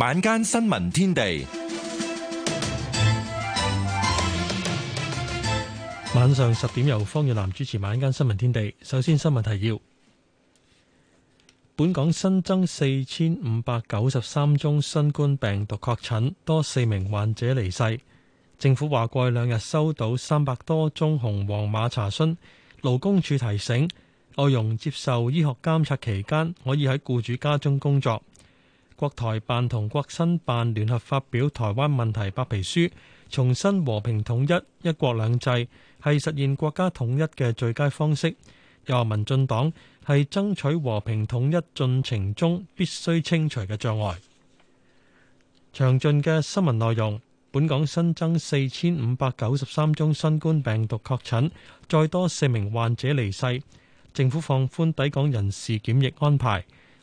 晚間新聞天地，晚上十點由方月蘭主持。晚間新聞天地，首先新聞提要：本港新增四千五百九十三宗新冠病毒確診，多四名患者離世。政府話，過去兩日收到三百多宗紅黃碼查詢。勞工處提醒，外傭接受醫學監察期間可以喺僱主家中工作。國台辦同國新辦聯合發表台灣問題白皮書，重申和平統一、一國兩制係實現國家統一嘅最佳方式。又話民進黨係爭取和平統一進程中必須清除嘅障礙。詳盡嘅新聞內容：本港新增四千五百九十三宗新冠病毒確診，再多四名患者離世。政府放寬抵港人士檢疫安排。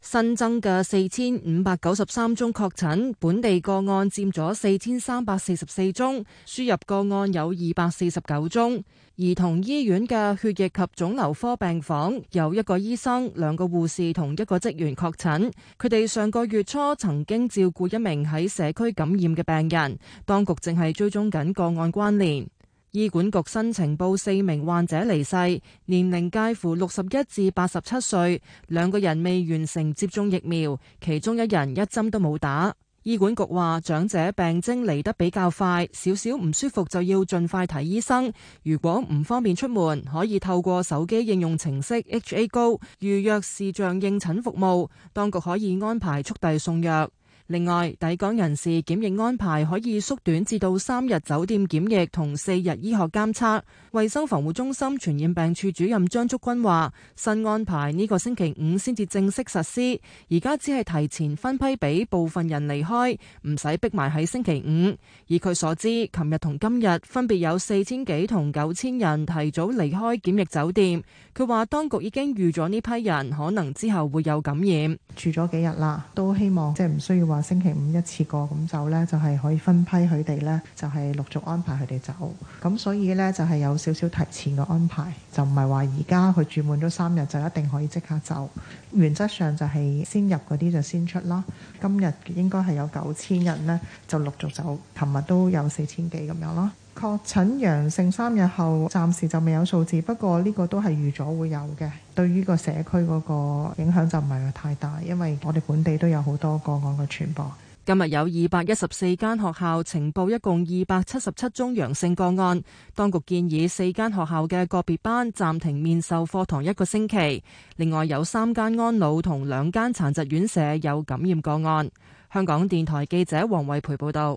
新增嘅四千五百九十三宗確診，本地個案佔咗四千三百四十四宗，輸入個案有二百四十九宗。兒童醫院嘅血液及腫瘤科病房有一個醫生、兩個護士同一個職員確診，佢哋上個月初曾經照顧一名喺社區感染嘅病人，當局正係追蹤緊個案關聯。醫管局新呈報四名患者離世，年齡介乎六十一至八十七歲，兩個人未完成接種疫苗，其中一人一針都冇打。醫管局話，長者病徵嚟得比較快，少少唔舒服就要盡快睇醫生。如果唔方便出門，可以透過手機應用程式 HA Go 預約視像應診服務，當局可以安排速遞送藥。另外，抵港人士檢疫安排可以縮短至到三日酒店檢疫同四日醫學監測，衛生防護中心傳染病處主任張竹君話，新安排呢個星期五先至正式實施，而家只係提前分批俾部分人離開，唔使逼埋喺星期五。以佢所知，琴日同今日分別有四千幾同九千人提早離開檢疫酒店。佢話當局已經預咗呢批人可能之後會有感染，住咗幾日啦，都希望即係唔需要話。星期五一次過咁走呢，就係可以分批佢哋呢，就係陸續安排佢哋走。咁所以呢，就係有少少提前嘅安排，就唔係話而家佢住滿咗三日就一定可以即刻走。原則上就係先入嗰啲就先出啦。今日應該係有九千人呢，就陸續走。琴日都有四千幾咁樣咯。確診陽性三日後，暫時就未有數字。不過呢個都係預咗會有嘅，對於呢個社區嗰個影響就唔係太大，因為我哋本地都有好多個案嘅傳播。今日有二百一十四間學校呈報一共二百七十七宗陽性個案，當局建議四間學校嘅個別班暫停面授課堂一個星期。另外有三間安老同兩間殘疾院舍有感染個案。香港電台記者黃慧培報道。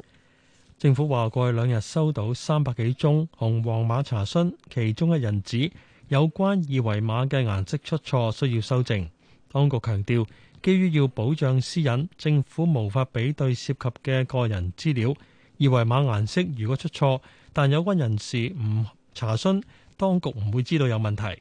政府話：過去兩日收到三百幾宗紅黃碼查詢，其中一人指有關二維碼嘅顏色出錯，需要修正。當局強調，基於要保障私隱，政府無法比對涉及嘅個人資料。二維碼顏色如果出錯，但有關人士唔查詢，當局唔會知道有問題。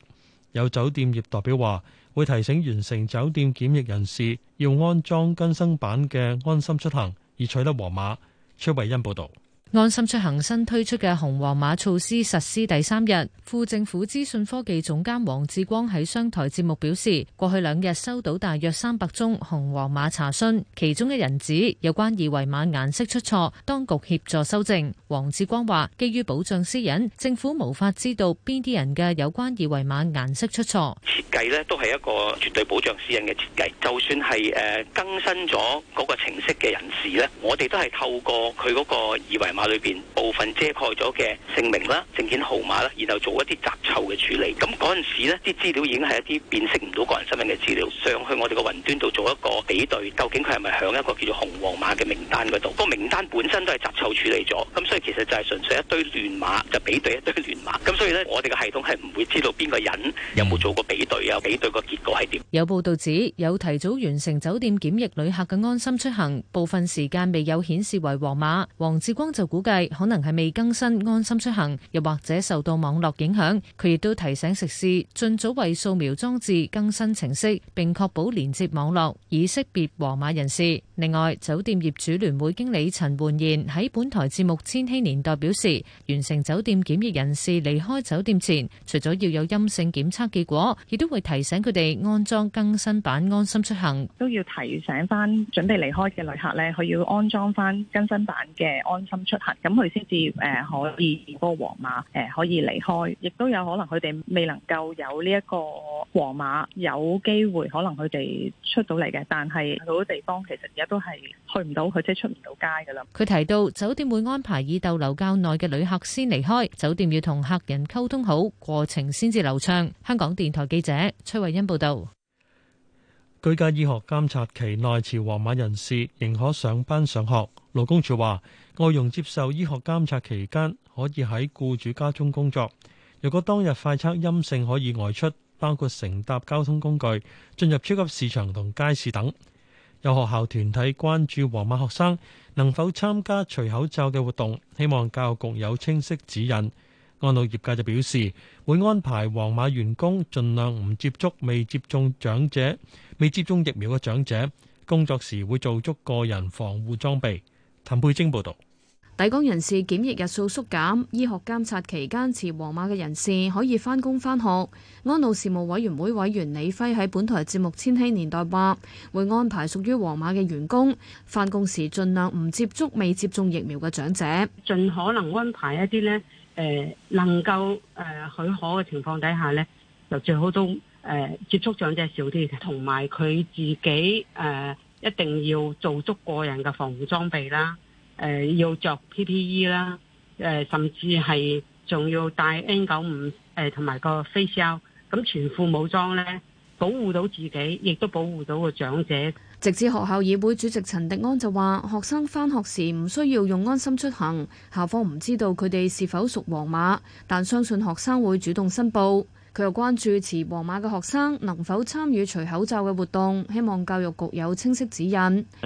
有酒店業代表話：會提醒完成酒店檢疫人士要安裝更新版嘅安心出行，以取得黃碼。崔慧欣報道。安心出行新推出嘅紅黃碼措施實施第三日，副政府資訊科技總監黃志光喺商台節目表示，過去兩日收到大約三百宗紅黃碼查詢，其中一人指有關二維碼顏色出錯，當局協助修正。黃志光話：，基於保障私隱，政府無法知道邊啲人嘅有關二維碼顏色出錯設計咧，都係一個絕對保障私隱嘅設計。就算係誒更新咗嗰個程式嘅人士咧，我哋都係透過佢嗰個二維碼。碼裏邊部分遮蓋咗嘅姓名啦、證件號碼啦，然後做一啲雜臭嘅處理。咁嗰陣時呢，啲資料已經係一啲辨識唔到個人身份嘅資料，上去我哋個雲端度做一個比對，究竟佢係咪響一個叫做紅黃碼嘅名單嗰度？個名單本身都係雜臭處理咗，咁所以其實就係純粹一堆亂碼就比對一堆亂碼。咁所以呢，我哋嘅系統係唔會知道邊個人有冇做過比對啊？比對個結果係點？有報道指有提早完成酒店檢疫旅客嘅安心出行，部分時間未有顯示為黃碼。黃志光就。估計可能係未更新安心出行，又或者受到網絡影響。佢亦都提醒食肆盡早為掃描裝置更新程式，並確保連接網絡以識別黃碼人士。另外，酒店業主聯會經理陳煥賢喺本台節目《千禧年代》表示，完成酒店檢疫人士離開酒店前，除咗要有陰性檢測結果，亦都會提醒佢哋安裝更新版安心出行，都要提醒翻準備離開嘅旅客咧，佢要安裝翻更新版嘅安心出行。咁佢先至誒可以，嗰個皇馬誒可以離開，亦都有可能佢哋未能夠有呢一個皇馬有機會，可能佢哋出到嚟嘅。但係好多地方其實而家都係去唔到，佢即係出唔到街噶啦。佢提到酒店會安排已逗留較耐嘅旅客先離開，酒店要同客人溝通好，過程先至流暢。香港電台記者崔慧欣報道。居家醫學監察期內，朝皇馬人士仍可上班上學。勞工處話。外傭接受醫學監察期間可以喺僱主家中工作。若果當日快測陰性，可以外出，包括乘搭交通工具、進入超級市場同街市等。有學校團體關注皇馬學生能否參加除口罩嘅活動，希望教育局有清晰指引。安老業界就表示，會安排皇馬員工盡量唔接觸未接種長者、未接種疫苗嘅長者，工作時會做足個人防護裝備。陳佩貞報道，抵港人士檢疫日數縮減，醫學監察期間持黃碼嘅人士可以返工返學。安老事務委員會委員李輝喺本台節目《千禧年代》話，會安排屬於黃碼嘅員工返工時盡量唔接觸未接種疫苗嘅長者，盡可能安排一啲呢，誒、呃、能夠誒許可嘅情況底下呢，就最好都誒、呃、接觸長者少啲同埋佢自己誒。呃一定要做足個人嘅防護裝備啦，誒、呃、要着 PPE 啦、呃，誒甚至係仲要戴 N 九五誒同埋個 face mask 咁全副武裝呢，保護到自己，亦都保護到個長者。直至學校議會主席陳迪安就話：學生返學時唔需要用安心出行，校方唔知道佢哋是否屬黃碼，但相信學生會主動申報。佢又關注持黃碼嘅學生能否參與除口罩嘅活動，希望教育局有清晰指引。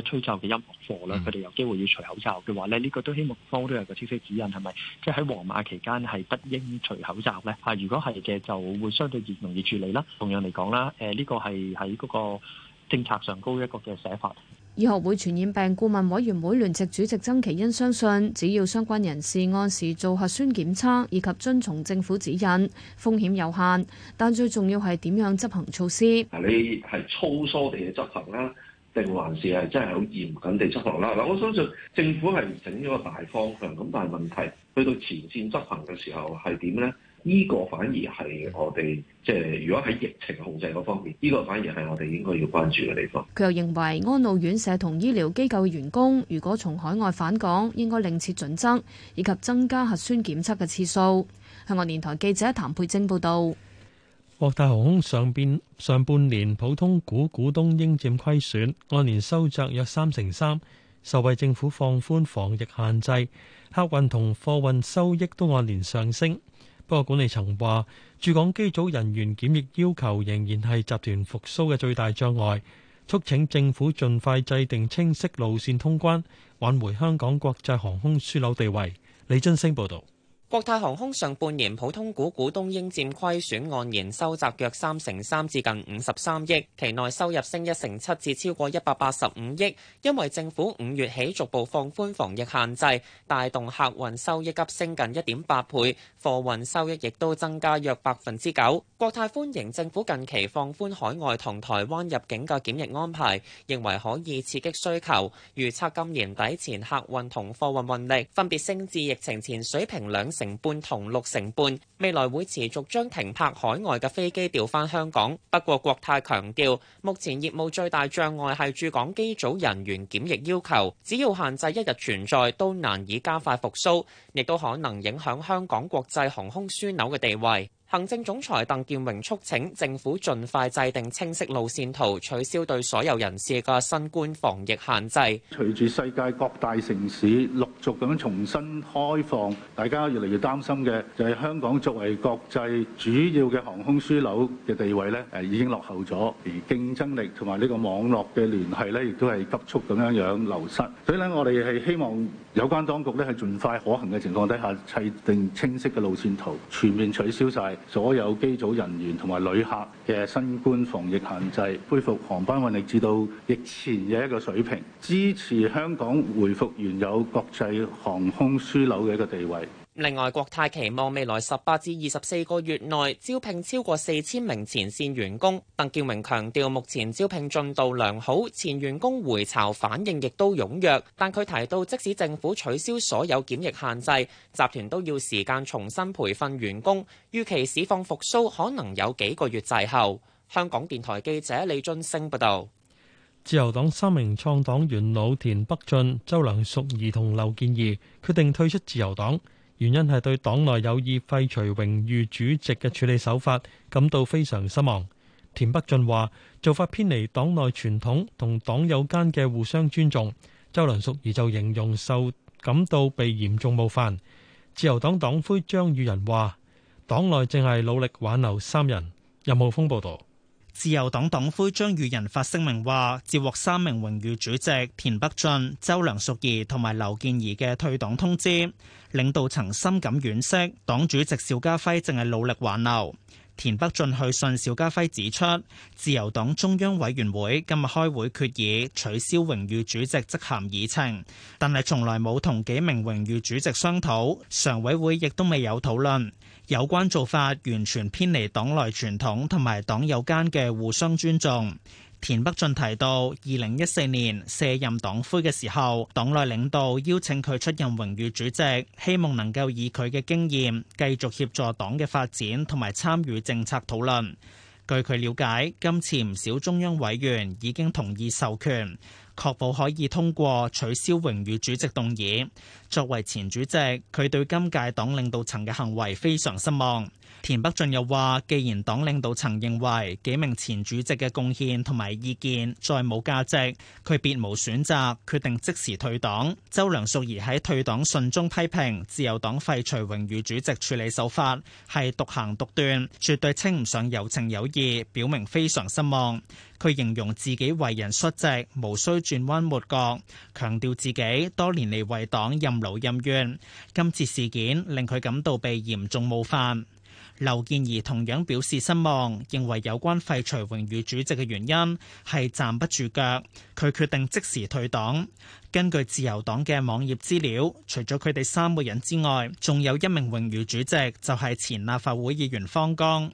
吹奏嘅音樂課咧，佢哋有機會要除口罩嘅話咧，呢、這個都希望方都有個清晰指引，係咪？即喺黃碼期間係不應除口罩咧？嚇，如果係嘅，就會相對易容易處理啦。同樣嚟講啦，誒、這、呢個係喺嗰個政策上高一個嘅寫法。醫學會傳染病顧問委員會聯席主席曾祈殷相信，只要相關人士按時做核酸檢測以及遵從政府指引，風險有限。但最重要係點樣執行措施，你係粗疏地去執行啦，定還是係真係好嚴謹地執行啦？我相信政府係整咗個大方向，咁但係問題去到前線執行嘅時候係點呢？呢個反而係我哋即係如果喺疫情控制嗰方面，呢個反而係我哋應該要關注嘅地方。佢又認為安老院舍同醫療機構嘅員工，如果從海外返港，應該另設準則，以及增加核酸檢測嘅次數。香港電台記者譚佩晶報道。國泰航空上邊上半年普通股股東應佔虧損按年收窄約三成三，受惠政府放寬防疫限制，客運同貨運收益都按年上升。不過管，管理層話，駐港機組人員檢疫要求仍然係集團復甦嘅最大障礙，促請政府盡快制定清晰路線通關，挽回香港國際航空樞紐地位。李振升報導。國泰航空上半年普通股股東應占虧損按年收窄約三成三，至近五十三億；期內收入升一成七，至超過一百八十五億。因為政府五月起逐步放寬防疫限制，帶動客運收益急升近一點八倍，貨運收益亦都增加約百分之九。國泰歡迎政府近期放寬海外同台灣入境嘅檢疫安排，認為可以刺激需求。預測今年底前客運同貨運運力分別升至疫情前水平兩成。半同六成半，未來會持續將停泊海外嘅飛機調翻香港。不過國泰強調，目前業務最大障礙係駐港機組人員檢疫要求，只要限制一日存在，都難以加快復蘇，亦都可能影響香港國際航空樞紐嘅地位。行政總裁鄧健榮促請政府盡快制定清晰路線圖，取消對所有人士嘅新冠防疫限制。隨住世界各大城市陸續咁樣重新開放，大家越嚟越擔心嘅就係香港作為國際主要嘅航空樞紐嘅地位咧，誒已經落後咗，而競爭力同埋呢個網絡嘅聯繫咧，亦都係急速咁樣樣流失。所以咧，我哋係希望，有關當局呢，係盡快可行嘅情況底下，制定清晰嘅路線圖，全面取消曬所有機組人員同埋旅客嘅新冠防疫限制，恢復航班運力至到疫前嘅一個水平，支持香港恢復原有國際航空樞紐嘅一個地位。另外，國泰期望未來十八至二十四個月內招聘超過四千名前線員工。鄧建明強調，目前招聘進度良好，前員工回巢反應亦都踴躍。但佢提到，即使政府取消所有檢疫限制，集團都要時間重新培訓員工，預期市況復甦可能有幾個月滯後。香港電台記者李津星報道。自由黨三名創黨元老田北俊、周梁淑怡同劉健儀決定退出自由黨。原因係對黨內有意廢除榮譽主席嘅處理手法感到非常失望。田北俊話做法偏離黨內傳統同黨友間嘅互相尊重。周梁淑怡就形容受感到被嚴重冒犯。自由黨黨魁張宇人話黨內正係努力挽留三人。任浩峯報導。自由黨黨魁張宇人發聲明話，接獲三名榮譽主席田北俊、周梁淑怡同埋劉健儀嘅退黨通知，領導層深感惋惜，黨主席邵家輝淨係努力挽留。田北俊去信邵家輝指出，自由黨中央委員會今日開會決議取消榮譽主席職銜議程，但係從來冇同幾名榮譽主席商討，常委會亦都未有討論。有關做法完全偏離黨內傳統同埋黨友間嘅互相尊重。田北俊提到，二零一四年卸任黨魁嘅時候，黨內領導邀請佢出任榮譽主席，希望能夠以佢嘅經驗繼續協助黨嘅發展同埋參與政策討論。據佢了解，今次唔少中央委員已經同意授權。確保可以通過取消榮譽主席動議。作為前主席，佢對今屆黨領導層嘅行為非常失望。田北俊又話，既然黨領導層認為幾名前主席嘅貢獻同埋意見再冇價值，佢別無選擇，決定即時退黨。周梁淑怡喺退黨信中批評自由黨廢除榮譽主席處理手法係獨行獨斷，絕對稱唔上有情有義，表明非常失望。佢形容自己為人率直，無需轉彎抹角，強調自己多年嚟為黨任勞任怨，今次事件令佢感到被嚴重冒犯。劉健儀同樣表示失望，認為有關廢除榮譽主席嘅原因係站不住腳，佢決定即時退黨。根據自由黨嘅網頁資料，除咗佢哋三個人之外，仲有一名榮譽主席，就係前立法會議員方剛。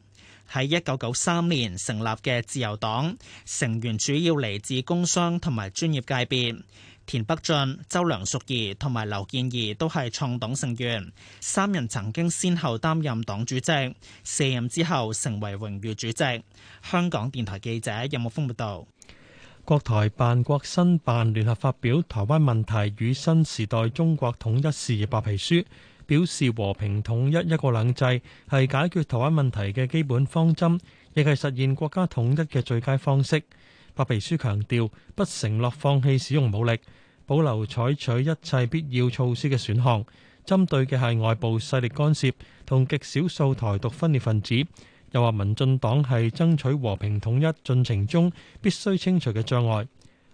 喺一九九三年成立嘅自由黨，成員主要嚟自工商同埋專業界別。田北俊、周梁淑怡同埋劉健儀都係創黨成員，三人曾經先後擔任黨主席，卸任之後成為榮譽主席。香港電台記者任木峰報道。國台辦國新辦聯合發表《台灣問題與新時代中國統一事業白皮書》，表示和平統一、一國兩制係解決台灣問題嘅基本方針，亦係實現國家統一嘅最佳方式。白皮書強調，不承諾放棄使用武力。保留採取一切必要措施嘅選項，針對嘅係外部勢力干涉同極少數台獨分裂分子，又話民進黨係爭取和平統一進程中必須清除嘅障礙。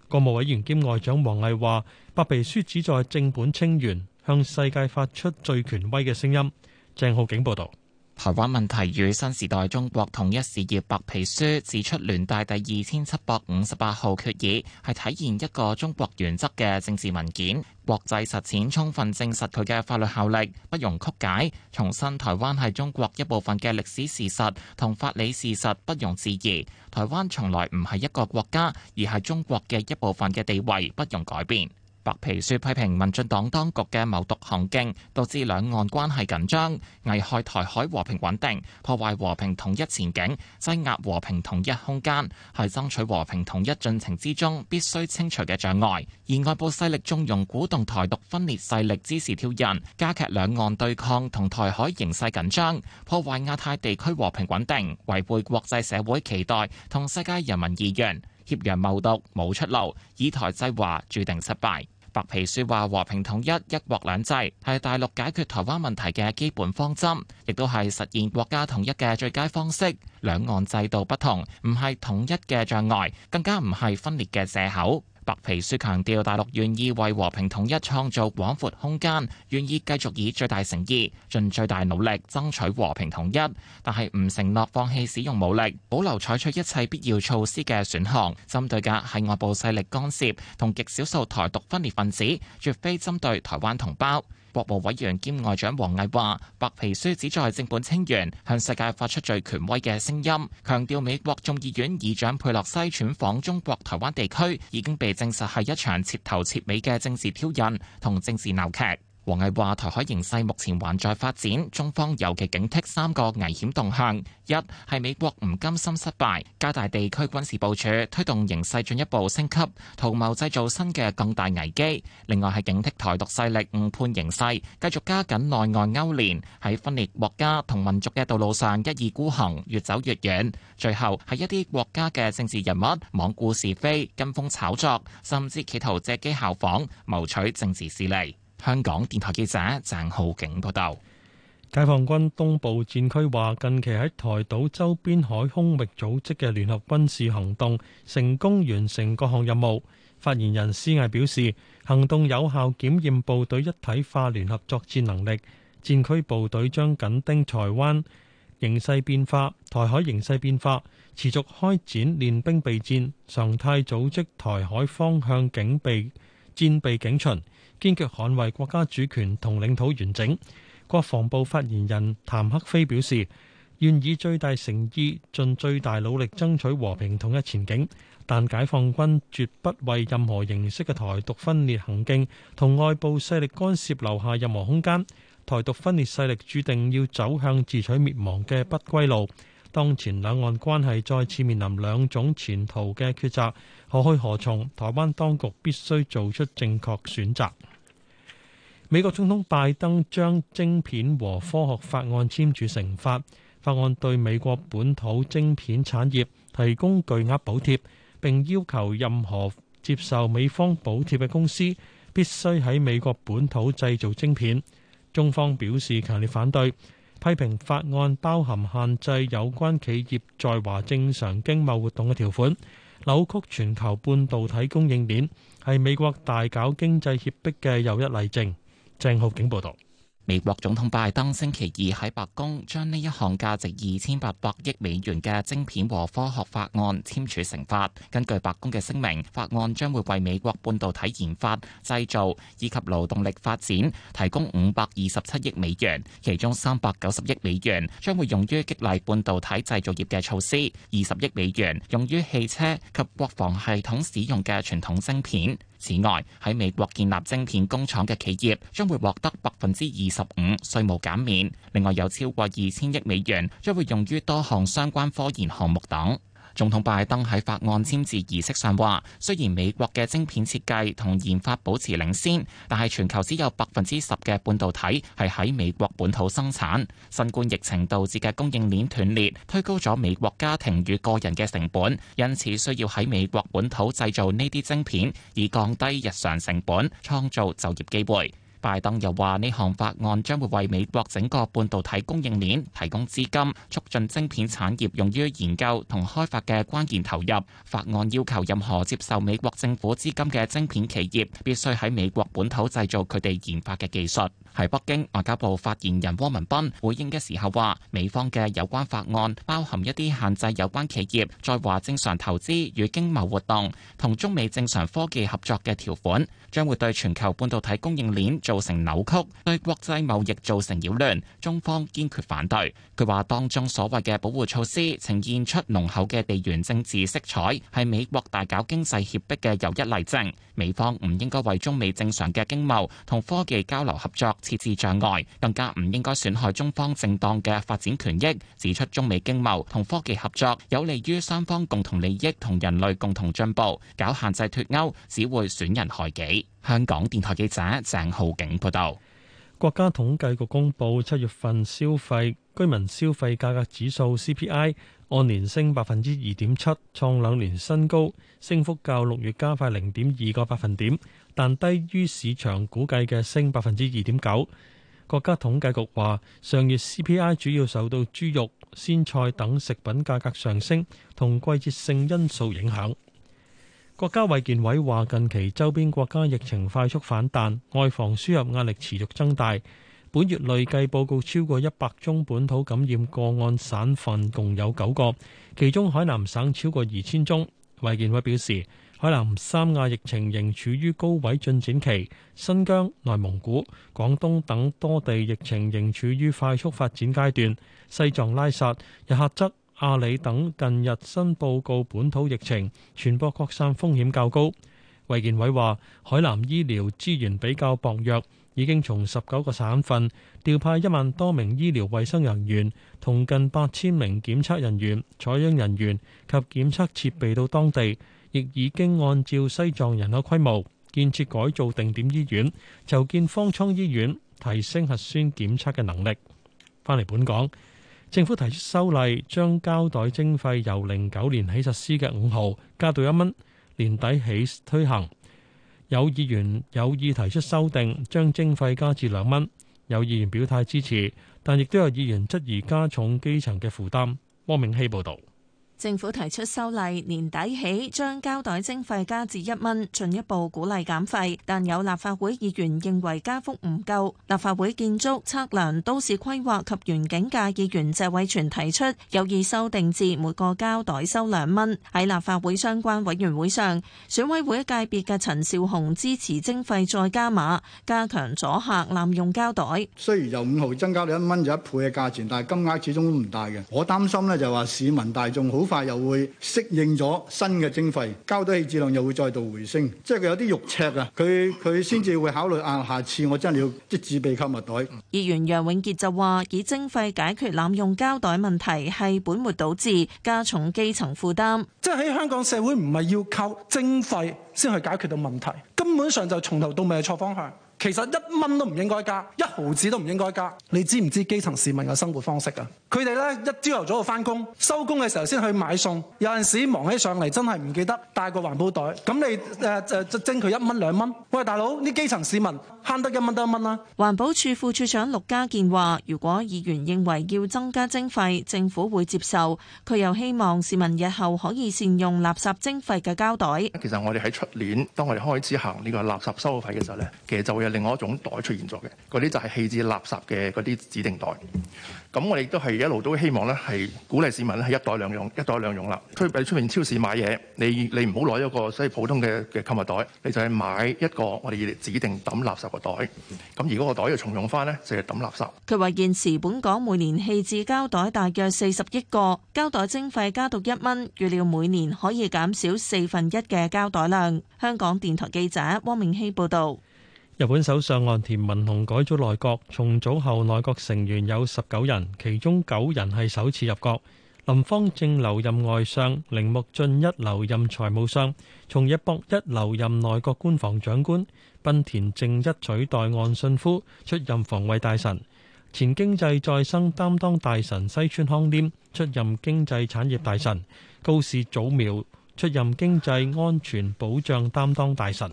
國務委員兼外長王毅話：白皮書旨在正本清源，向世界發出最權威嘅聲音。鄭浩景報導。台灣問題與新時代中國統一事業白皮書指出，聯大第二千七百五十八號決議係體現一個中國原則嘅政治文件，國際實踐充分證實佢嘅法律效力，不容曲解。重申台灣係中國一部分嘅歷史事實同法理事實，不容置疑。台灣從來唔係一個國家，而係中國嘅一部分嘅地位，不容改變。白皮書批評民進黨當局嘅謀獨行徑，導致兩岸關係緊張，危害台海和平穩定，破壞和平統一前景，擠壓和平統一空間，係爭取和平統一進程之中必須清除嘅障礙。而外部勢力縱容鼓動台獨分裂勢力支持挑釁，加劇兩岸對抗同台海形勢緊張，破壞亞太地區和平穩定，違背國際社會期待同世界人民意願，挾洋謀獨冇出路，以台制華注定失敗。白皮書話：和平統一、一國兩制係大陸解決台灣問題嘅基本方針，亦都係實現國家統一嘅最佳方式。兩岸制度不同，唔係統一嘅障礙，更加唔係分裂嘅借口。白皮書強調，大陸願意為和平統一創造廣闊空間，願意繼續以最大誠意、盡最大努力爭取和平統一，但係唔承諾放棄使用武力，保留採取一切必要措施嘅選項。針對嘅係外部勢力干涉同極少數台獨分裂分子，絕非針對台灣同胞。國務委員兼外長王毅話：白皮書旨在正本清源，向世界發出最權威嘅聲音，強調美國眾議院議長佩洛西竄訪中國台灣地區已經被證實係一場徹頭徹尾嘅政治挑釁同政治鬧劇。王毅話台海形勢目前還在發展，中方尤其警惕三個危險動向。一係美國唔甘心失敗，加大地區軍事部署，推動形勢進一步升級，圖謀製造新嘅更大危機，另外係警惕台獨勢力誤判形勢，繼續加緊內外勾連，喺分裂國家同民族嘅道路上一意孤行，越走越遠，最後，係一啲國家嘅政治人物罔顧是非，跟風炒作，甚至企圖借機效仿，謀取政治私利。香港電台記者鄭浩景報道，解放軍東部戰區話，近期喺台島周邊海空域組織嘅聯合軍事行動，成功完成各項任務。發言人施毅表示，行動有效檢驗部隊一體化聯合作戰能力。戰區部隊將緊盯台灣形勢變化、台海形勢變化，持續開展練兵備戰，常態組織台海方向警備、戰備警巡。堅決捍衞國家主權同領土完整。國防部發言人譚克非表示，願以最大誠意、盡最大努力爭取和平統一前景，但解放軍絕不為任何形式嘅台獨分裂行徑同外部勢力干涉留下任何空間。台獨分裂勢力注定要走向自取滅亡嘅不歸路。當前兩岸關係再次面臨兩種前途嘅抉擇，何去何從？台灣當局必須做出正確選擇。美國總統拜登將晶片和科學法案簽署成法，法案對美國本土晶片產業提供巨額補貼，並要求任何接受美方補貼嘅公司必須喺美國本土製造晶片。中方表示強烈反對，批評法案包含限制有關企業在華正常經貿活動嘅條款，扭曲全球半導體供應鏈，係美國大搞經濟脅迫嘅又一例證。鄭浩景報道，美國總統拜登星期二喺白宮將呢一項價值二千八百億美元嘅晶片和科學法案簽署成法。根據白宮嘅聲明，法案將會為美國半導體研發、製造以及勞動力發展提供五百二十七億美元，其中三百九十億美元將會用於激勵半導體製造業嘅措施，二十億美元用於汽車及國防系統使用嘅傳統晶片。此外，喺美國建立晶片工廠嘅企業將會獲得百分之二十五稅務減免，另外有超過二千億美元將會用於多項相關科研項目等。總統拜登喺法案簽字儀式上話：雖然美國嘅晶片設計同研發保持領先，但係全球只有百分之十嘅半導體係喺美國本土生產。新冠疫情導致嘅供應鏈斷裂，推高咗美國家庭與個人嘅成本，因此需要喺美國本土製造呢啲晶片，以降低日常成本，創造就業機會。拜登又話：呢項法案將會為美國整個半導體供應鏈提供資金，促進晶片產業用於研究同開發嘅關鍵投入。法案要求任何接受美國政府資金嘅晶片企業，必須喺美國本土製造佢哋研發嘅技術。喺北京外交部發言人汪文斌回應嘅時候話美方嘅有關法案包含一啲限制有關企業在華正常投資與經貿活動同中美正常科技合作嘅條款，將會對全球半導體供應鏈造成扭曲，對國際貿易造成擾亂，中方堅決反對，佢話當中所謂嘅保護措施呈現出濃厚嘅地緣政治色彩，係美國大搞經濟脅迫嘅又一例證，美方唔應該為中美正常嘅經貿同科技交流合作設置障礙，更加唔應該損害中方正當嘅發展權益。指出中美經貿同科技合作，有利於雙方共同利益同人類共同進步。搞限制脫鉤，只會損人害己。香港電台記者鄭浩景報道。國家統計局公布七月份消費居民消費價格指數 CPI 按年升百分之二點七，創兩年新高，升幅較六月加快零點二個百分點。但低於市場估計嘅升百分之二點九。國家統計局話，上月 CPI 主要受到豬肉、鮮菜等食品價格上升同季節性因素影響。國家衛健委話，近期周邊國家疫情快速反彈，外防輸入壓力持續增大。本月累計報告超過一百宗本土感染個案，省份共有九個，其中海南省超過二千宗。衛健委表示。海南、三亞疫情仍處於高位進展期，新疆、內蒙古、廣東等多地疫情仍處於快速發展階段。西藏拉薩、日喀則、阿里等近日新報告本土疫情，傳播擴散風險較高。衛健委話，海南醫療資源比較薄弱，已經從十九個省份調派一萬多名醫療衛生人員同近八千名檢測人員、採樣人員及檢測設備到當地。亦已經按照西藏人口規模建設改造定點醫院，就建方艙醫院，提升核酸檢測嘅能力。翻嚟本港，政府提出修例，將膠袋徵費由零九年起實施嘅五毫加到一蚊，年底起推行。有議員有意提出修訂，將徵費加至兩蚊。有議員表態支持，但亦都有議員質疑加重基層嘅負擔。汪明希報導。政府提出修例，年底起將膠袋徵費加至一蚊，進一步鼓勵減廢。但有立法會議員認為加幅唔夠。立法會建築、測量、都市規劃及園境界議員謝偉全提出有意修訂至每個膠袋收兩蚊。喺立法會相關委員會上，選委會界別嘅陳紹雄支持徵費再加碼，加強阻嚇濫用膠袋。雖然由五毫增加到一蚊，就一倍嘅價錢，但係金額始終都唔大嘅。我擔心呢就話市民大眾好。快又會適應咗新嘅徵費，膠袋棄置量又會再度回升，即係佢有啲肉赤啊！佢佢先至會考慮啊，下次我真係要即自備購物袋。議員楊永傑就話：以徵費解決濫用膠袋問題係本末倒置，加重基層負擔。即係喺香港社會唔係要靠徵費先去解決到問題，根本上就從頭到尾係錯方向。其實一蚊都唔應該加，一毫子都唔應該加。你知唔知基層市民嘅生活方式啊？佢哋咧一朝頭早就返工，收工嘅時候先去買餸。有陣時忙起上嚟，真係唔記得帶個環保袋。咁你誒就、呃、徵佢一蚊兩蚊？喂，大佬，啲基層市民慳得一蚊得一蚊啊。環保署副署長陸家健話，如果議員認為要增加徵費，政府會接受。佢又希望市民日後可以善用垃圾徵費嘅膠袋。其實我哋喺出年，當我哋開始行呢個垃圾收費嘅時候咧，其實就會。另外一種袋出現咗嘅嗰啲就係棄置垃圾嘅嗰啲指定袋。咁我哋都係一路都希望咧，係鼓勵市民咧係一袋兩用，一袋兩用啦。出喺出面超市買嘢，你你唔好攞一個所以普通嘅嘅購物袋，你就係買一個我哋指定抌垃圾嘅袋。咁而嗰個袋又重用翻咧，就係、是、抌垃圾。佢話：現時本港每年棄置膠袋大約四十億個，膠袋徵費加到一蚊，預料每年可以減少四分一嘅膠袋量。香港電台記者汪明希報導。日本首相岸田文雄改組內閣，重組後內閣成員有十九人，其中九人係首次入閣。林芳正留任外相，鈴木俊一留任財務相，從日博一留任內閣官房長官，濱田正一取代岸信夫出任防衛大臣，前經濟再生擔當大臣西村康稔出任經濟產業大臣，高市早苗出任經濟安全保障擔當大臣。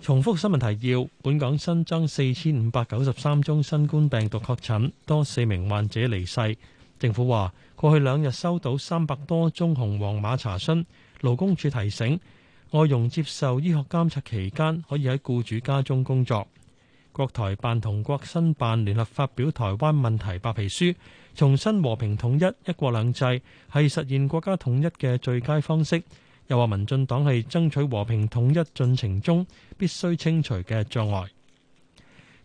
重複新聞提要：本港新增四千五百九十三宗新冠病毒確診，多四名患者離世。政府話過去兩日收到三百多宗紅黃碼查詢。勞工處提醒，外傭接受醫學監察期間可以喺雇主家中工作。國台辦同國新辦聯合發表台灣問題白皮書，重申和平統一、一國兩制係實現國家統一嘅最佳方式。又話民進黨係爭取和平統一進程中必須清除嘅障礙。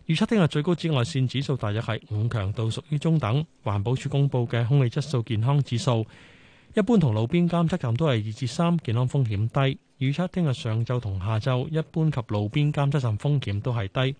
預測聽日最高紫外線指數大約係五強度，屬於中等。環保署公布嘅空氣質素健康指數，一般同路邊監測站都係二至三，健康風險低。預測聽日上晝同下晝一般及路邊監測站風險都係低。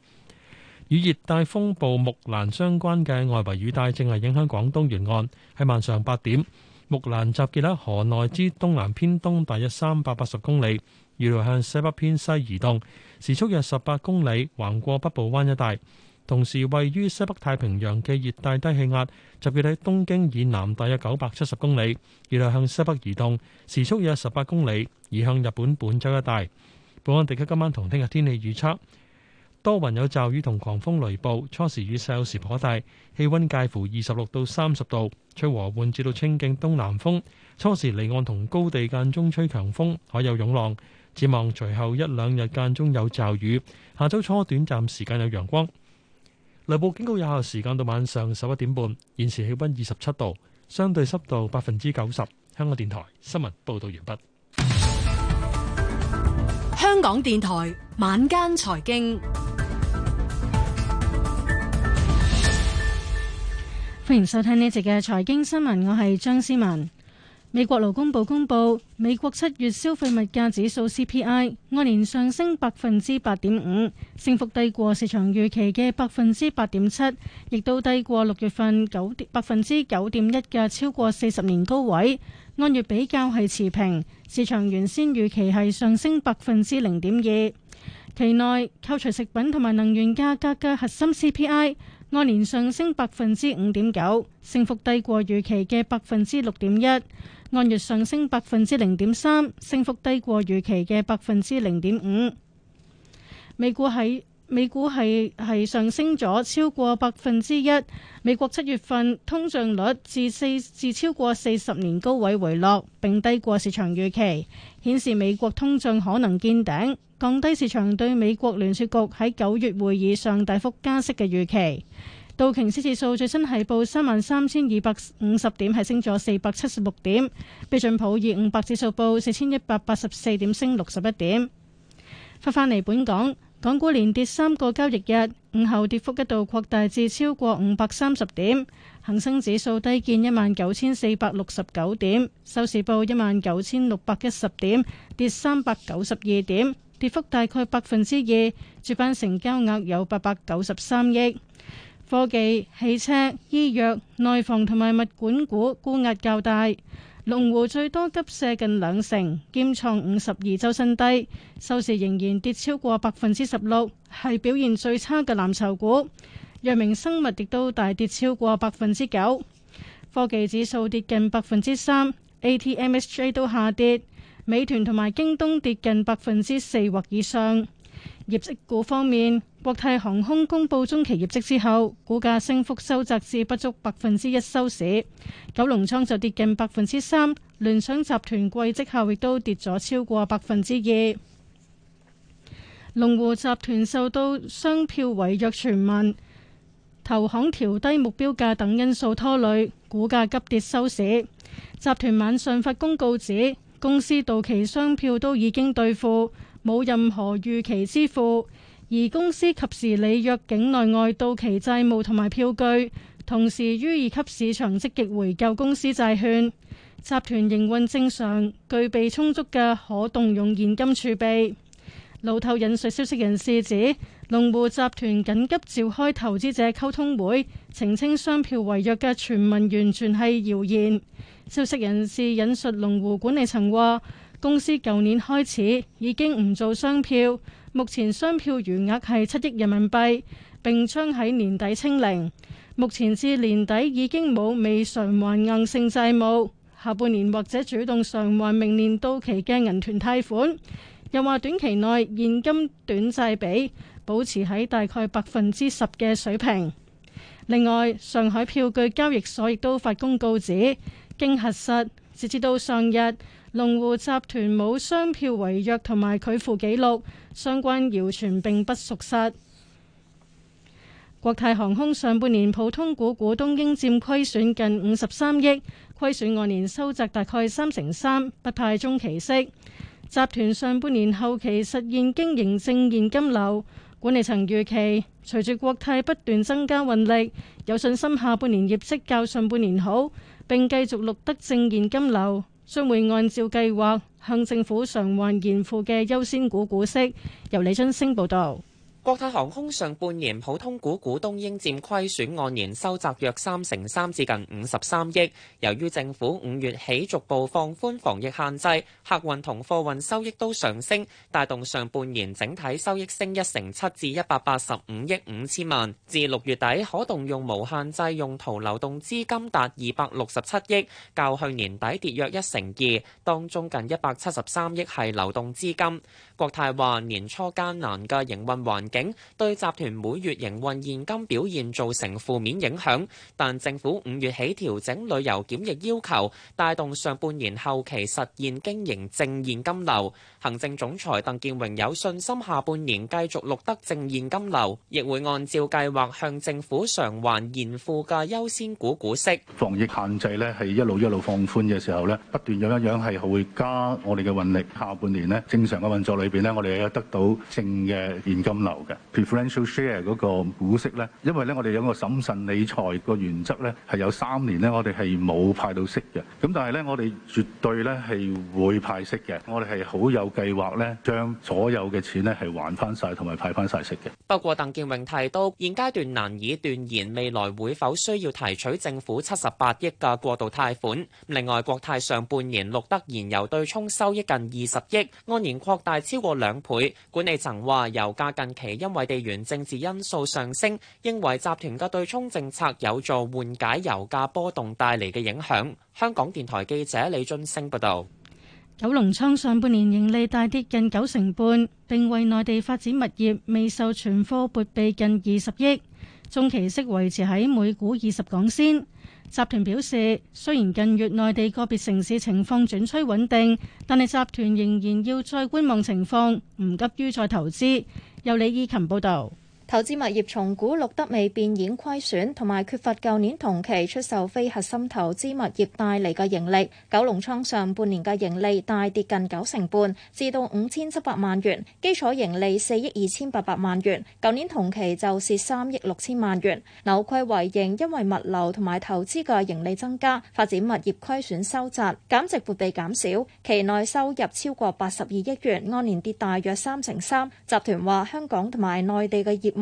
與熱帶風暴木蘭相關嘅外圍雨帶正係影響廣東沿岸，喺晚上八點。木蘭集結喺河內之東南偏東大約三百八十公里，預料向西北偏西移動，時速約十八公里，橫過北部灣一帶。同時，位於西北太平洋嘅熱帶低氣壓集結喺東京以南大約九百七十公里，預料向西北移動，時速約十八公里，移向日本本州一帶。本港地區今晚同聽日天氣預測，多雲有驟雨同狂風雷暴，初時雨勢有時頗大，氣溫介乎二十六到三十度，吹和緩至到清勁東南風，初時離岸同高地間中吹強風，海有湧浪。展望隨後一兩日間中有驟雨，下周初短暫時間有陽光。雷暴警告有效時間到晚上十一點半。現時氣溫二十七度，相對濕度百分之九十。香港電台新聞報道完畢。香港電台晚間財經。歡迎收聽呢節嘅財經新聞，我係張思文。美國勞工部公布美國七月消費物價指數 CPI 按年上升百分之八點五，升幅低過市場預期嘅百分之八點七，亦都低過六月份九百分之九點一嘅超過四十年高位。按月比較係持平，市場原先預期係上升百分之零點二。期內扣除食品同埋能源價格嘅核心 CPI。按年上升百分之五點九，升幅低過預期嘅百分之六點一；按月上升百分之零點三，升幅低過預期嘅百分之零點五。美股喺美股係係上升咗超過百分之一。美國七月份通脹率自四自超過四十年高位回落，並低過市場預期，顯示美國通脹可能見頂，降低市場對美國聯儲局喺九月會議上大幅加息嘅預期。道瓊斯指數最新係報三萬三千二百五十點，係升咗四百七十六點。標準普爾五百指數報四千一百八十四點，升六十一點。翻返嚟本港。港股連跌三個交易日，午後跌幅一度擴大至超過五百三十點，恒生指數低見一萬九千四百六十九點，收市報一萬九千六百一十點，跌三百九十二點，跌幅大概百分之二。主板成交額有八百九十三億，科技、汽車、醫藥、內房同埋物管股沽壓較大。龍湖最多急瀉近兩成，兼創五十二周新低，收市仍然跌超過百分之十六，係表現最差嘅藍籌股。藥明生物亦都大跌超過百分之九，科技指數跌近百分之三，A T M S J 都下跌，美團同埋京東跌近百分之四或以上。業績股方面，國泰航空公布中期業績之後，股價升幅收窄至不足百分之一收市。九龍倉就跌近百分之三，聯想集團季績後亦都跌咗超過百分之二。龍湖集團受到商票違約傳聞、投行調低目標價等因素拖累，股價急跌收市。集團晚上發公告指，公司到期商票都已經兌付。冇任何逾期支付，而公司及時履約境內外到期債務同埋票據，同時於二級市場積極回購公司債券。集團營運正常，具備充足嘅可動用現金儲備。路透引述消息人士指，龍湖集團緊急召開投資者溝通會，澄清商票違約嘅傳聞完全係謠言。消息人士引述龍湖管理層話，公司舊年開始已經唔做商票，目前商票餘額係七億人民幣，並將喺年底清零。目前至年底已經冇未償還硬性債務，下半年或者主動償還明年到期嘅銀團貸款。又話短期內現金短債比保持喺大概百分之十嘅水平。另外，上海票據交易所亦都發公告指，經核實。截至到上日，龍湖集團冇商票違約同埋拒付記錄，相關謠傳並不屬實。國泰航空上半年普通股股東應佔虧損近五十三億，虧損按年收窄大概三成三，不派中期息。集團上半年後期實現經營正現金流，管理層預期隨住國泰不斷增加運力，有信心下半年業績較上半年好。並繼續錄得正現金流，將會按照計劃向政府償還現付嘅優先股股息。由李津星報導。國泰航空上半年普通股股東應佔虧損按年收窄約三成三，至近五十三億。由於政府五月起逐步放寬防疫限制，客運同貨運收益都上升，帶動上半年整體收益升一成七至一百八十五億五千萬。至六月底可動用無限制用途流動資金達二百六十七億，較去年底跌約一成二。當中近一百七十三億係流動資金。國泰話年初艱難嘅營運環景對集團每月營運現金表現造成負面影響，但政府五月起調整旅遊檢疫要求，帶動上半年後期實現經營正現金流。行政總裁鄧健榮有信心下半年繼續錄得正現金流，亦會按照計劃向政府償還現付嘅優先股股息。防疫限制咧係一路一路放寬嘅時候咧，不斷有一樣係會加我哋嘅運力。下半年咧正常嘅運作裏邊咧，我哋有得到正嘅現金流。嘅 preferential share 嗰個股息咧，因為咧我哋有個審慎理財個原則咧，係有三年咧我哋係冇派到息嘅。咁但係咧，我哋絕對咧係會派息嘅。我哋係好有計劃咧，將所有嘅錢咧係還翻晒同埋派翻晒息嘅。不過鄧健榮提到，現階段難以斷言未來會否需要提取政府七十八億嘅過渡貸款。另外，國泰上半年錄得燃油對沖收益近二十億，按年擴大超過兩倍。管理層話油價近期，因為地緣政治因素上升，認為集團嘅對沖政策有助緩解油價波動帶嚟嘅影響。香港電台記者李津升報道：九龍倉上半年盈利大跌近九成半，並為內地發展物業未受存貨撥備近二十億，中期息維持喺每股二十港仙。集團表示，雖然近月內地個別城市情況轉趨穩定，但係集團仍然要再觀望情況，唔急於再投資。由李意琴報道。投資物業重估錄得未變現虧損，同埋缺乏舊年同期出售非核心投資物業帶嚟嘅盈利。九龍倉上半年嘅盈利大跌近九成半，至到五千七百萬元，基礎盈利四億二千八百萬元，舊年同期就蝕三億六千萬元。扭虧為盈，因為物流同埋投資嘅盈利增加，發展物業虧損收窄，減值撥備減少。期內收入超過八十二億元，按年跌大約三成三。集團話香港同埋內地嘅業務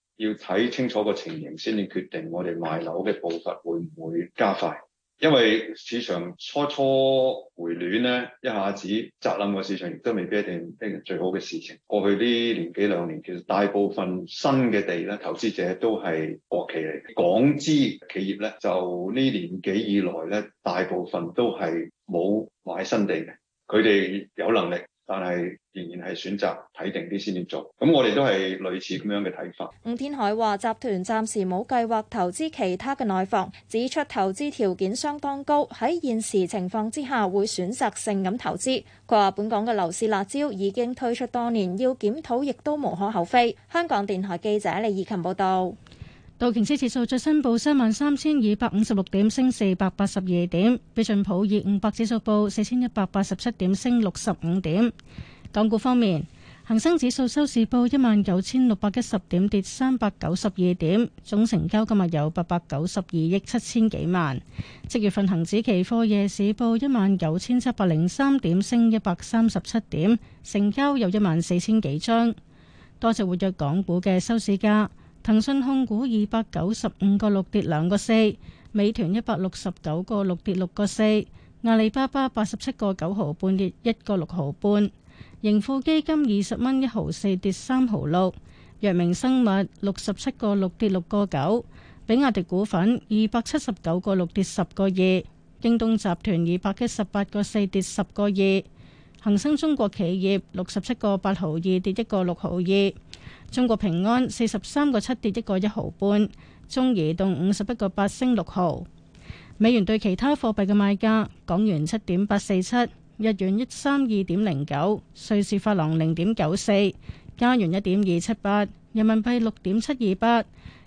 要睇清楚個情形先至決定，我哋賣樓嘅步伐會唔會加快？因為市場初初回暖呢，一下子砸冧個市場，亦都未必一定係最好嘅事情。過去呢年幾兩年，其實大部分新嘅地咧，投資者都係國企嚟，港資企業咧，就呢年幾以來咧，大部分都係冇買新地嘅，佢哋有能力。但係仍然係選擇睇定啲先至做，咁我哋都係類似咁樣嘅睇法。吳天海話集團暫時冇計劃投資其他嘅內房，指出投資條件相當高，喺現時情況之下會選擇性咁投資。佢話本港嘅樓市辣招已經推出多年，要檢討亦都無可厚非。香港電台記者李以琴報道。道瓊斯指數最新報三萬三千二百五十六點，升四百八十二點；標準普爾五百指數報四千一百八十七點，升六十五點。港股方面，恒生指數收市報一萬九千六百一十點，跌三百九十二點，總成交今日有八百九十二億七千幾萬。七月份恒指期貨夜市報一萬九千七百零三點，升一百三十七點，成交有一萬四千幾張。多隻活躍港股嘅收市價。騰訊控股二百九十五個六跌兩個四，美團一百六十九個六跌六個四，阿里巴巴八十七個九毫半跌一個六毫半，盈富基金二十蚊一毫四跌三毫六，藥明生物六十七個六跌六個九，比亞迪股份二百七十九個六跌十個二，京東集團二百一十八個四跌十個二，恒生中國企業六十七個八毫二跌一個六毫二。中國平安四十三個七跌一個一毫半，中移動五十一個八升六毫。美元對其他貨幣嘅賣價：港元七點八四七，日元一三二點零九，瑞士法郎零點九四，加元一點二七八，人民幣六點七二八，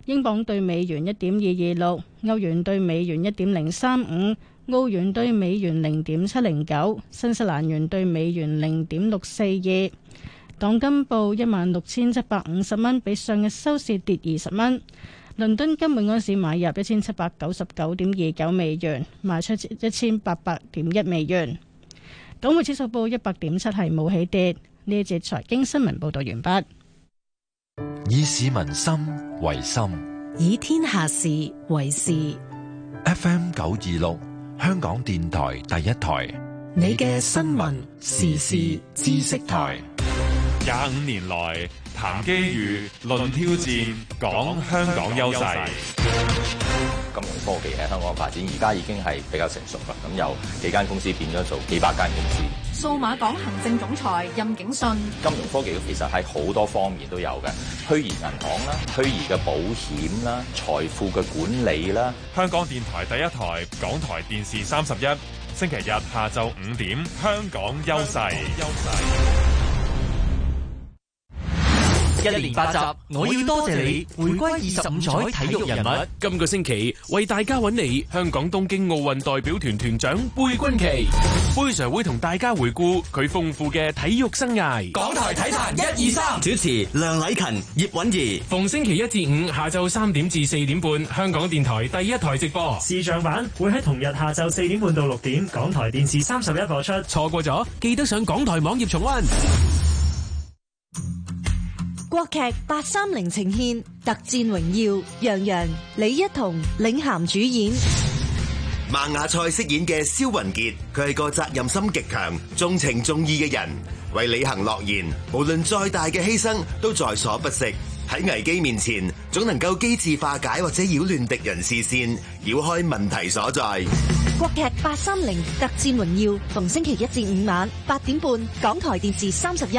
英鎊對美元一點二二六，歐元對美元一點零三五，澳元對美元零點七零九，新西蘭元對美元零點六四二。港金報一萬六千七百五十蚊，比上日收市跌二十蚊。倫敦金每盎司買入一千七百九十九點二九美元，賣出一千八百點一美元。港匯指數報一百點七，係冇起跌。呢節財經新聞報道完畢。以市民心為心，以天下事為事。F M 九二六，香港電台第一台，你嘅新聞時事知識台。廿五年來談機遇、論挑戰、講香港優勢。金融科技喺香港發展，而家已經係比較成熟啦。咁有幾間公司變咗做幾百間公司。數碼港行政總裁任景信。金融科技其實喺好多方面都有嘅，虛擬銀行啦，虛擬嘅保險啦，財富嘅管理啦。香港電台第一台，港台電視三十一，星期日下晝五點，香港優勢。優勢。一連八集，我要多謝你回歸二十五載體育人物。今個星期為大家揾嚟，香港東京奧運代表團團長貝君琪，貝 Sir 會同大家回顧佢豐富嘅體育生涯。港台體壇一二三，主持梁禮勤、葉韻儀，逢星期一至五下晝三點至四點半，香港電台第一台直播。視像版會喺同日下晝四點半到六點，港台電視三十一播出。錯過咗，記得上港台網頁重溫。國劇八三零呈獻《特戰榮耀》，楊洋、李一桐領銜主演。孟亞賽飾演嘅肖雲杰，佢係個責任心極強、重情重義嘅人，為履行諾言，無論再大嘅犧牲都在所不惜，喺危機面前，總能夠機智化解或者擾亂敵人視線，繞開問題所在。國劇八三零《特戰榮耀》逢星期一至五晚八點半，港台電視三十一。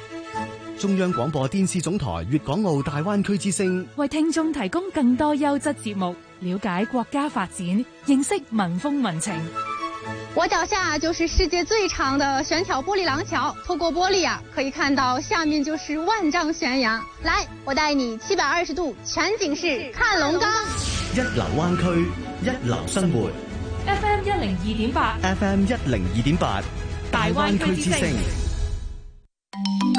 中央廣播電視總台粵港澳大灣區之聲，為聽眾提供更多優質節目，了解國家發展，認識民風民情。我腳下就是世界最長的懸挑玻璃廊橋，透過玻璃啊，可以看到下面就是萬丈懸崖。來，我帶你七百二十度全景式看龍崗，一流灣區，一流生活。FM 一零二點八，FM 一零二點八，大灣區之聲。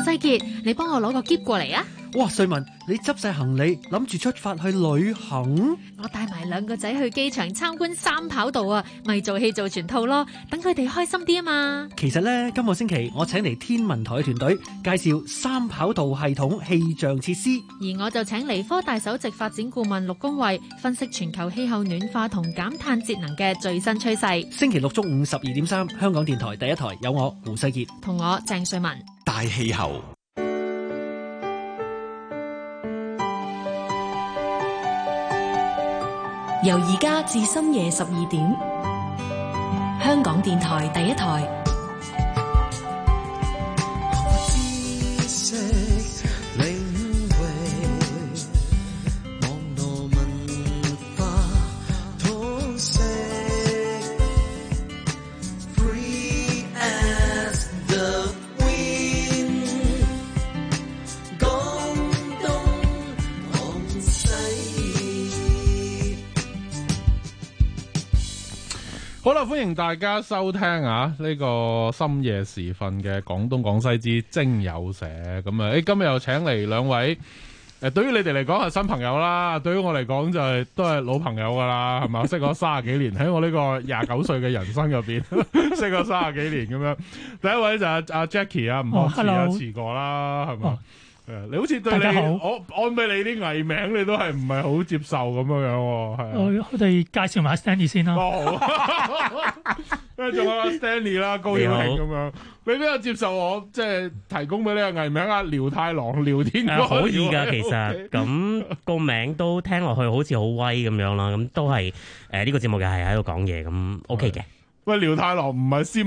西杰，你幫我攞個篋過嚟啊！哇！瑞文，你執晒行李，諗住出發去旅行？我帶埋兩個仔去機場參觀三跑道啊，咪做戲做全套咯，等佢哋開心啲啊嘛！其實呢，今個星期我請嚟天文台嘅團隊介紹三跑道系統氣象設施，而我就請嚟科大首席發展顧問陸公衛分析全球氣候暖化同減碳節能嘅最新趨勢。星期六中午十二點三，香港電台第一台有我胡世傑，同我鄭瑞文，大氣候。由而家至深夜十二點，香港電台第一台。好啦，歡迎大家收聽啊！呢個深夜時分嘅廣東廣西之精友社咁啊！誒，今日又請嚟兩位誒，對於你哋嚟講係新朋友啦，對於我嚟講就係、是、都係老朋友噶啦，係咪啊？識咗卅幾年喺我呢個廿九歲嘅人生入邊， 識咗卅幾年咁樣。第一位就係阿阿 Jackie 啊，唔好遲啊，遲過啦，係嘛？你好似對你好，我安俾你啲藝名，你都係唔係好接受咁樣樣？係我哋介紹埋 Stanley 先啦，仲 有阿 Stanley 啦，高曉慶咁樣，你都有接受我即係提供俾你個藝名啊？廖太郎、廖天哥可以噶，呃、其實咁個 okay? 名都聽落去好似好威咁樣啦，咁都係誒呢個節目嘅係喺度講嘢咁 OK 嘅。喂、呃，廖太郎唔係司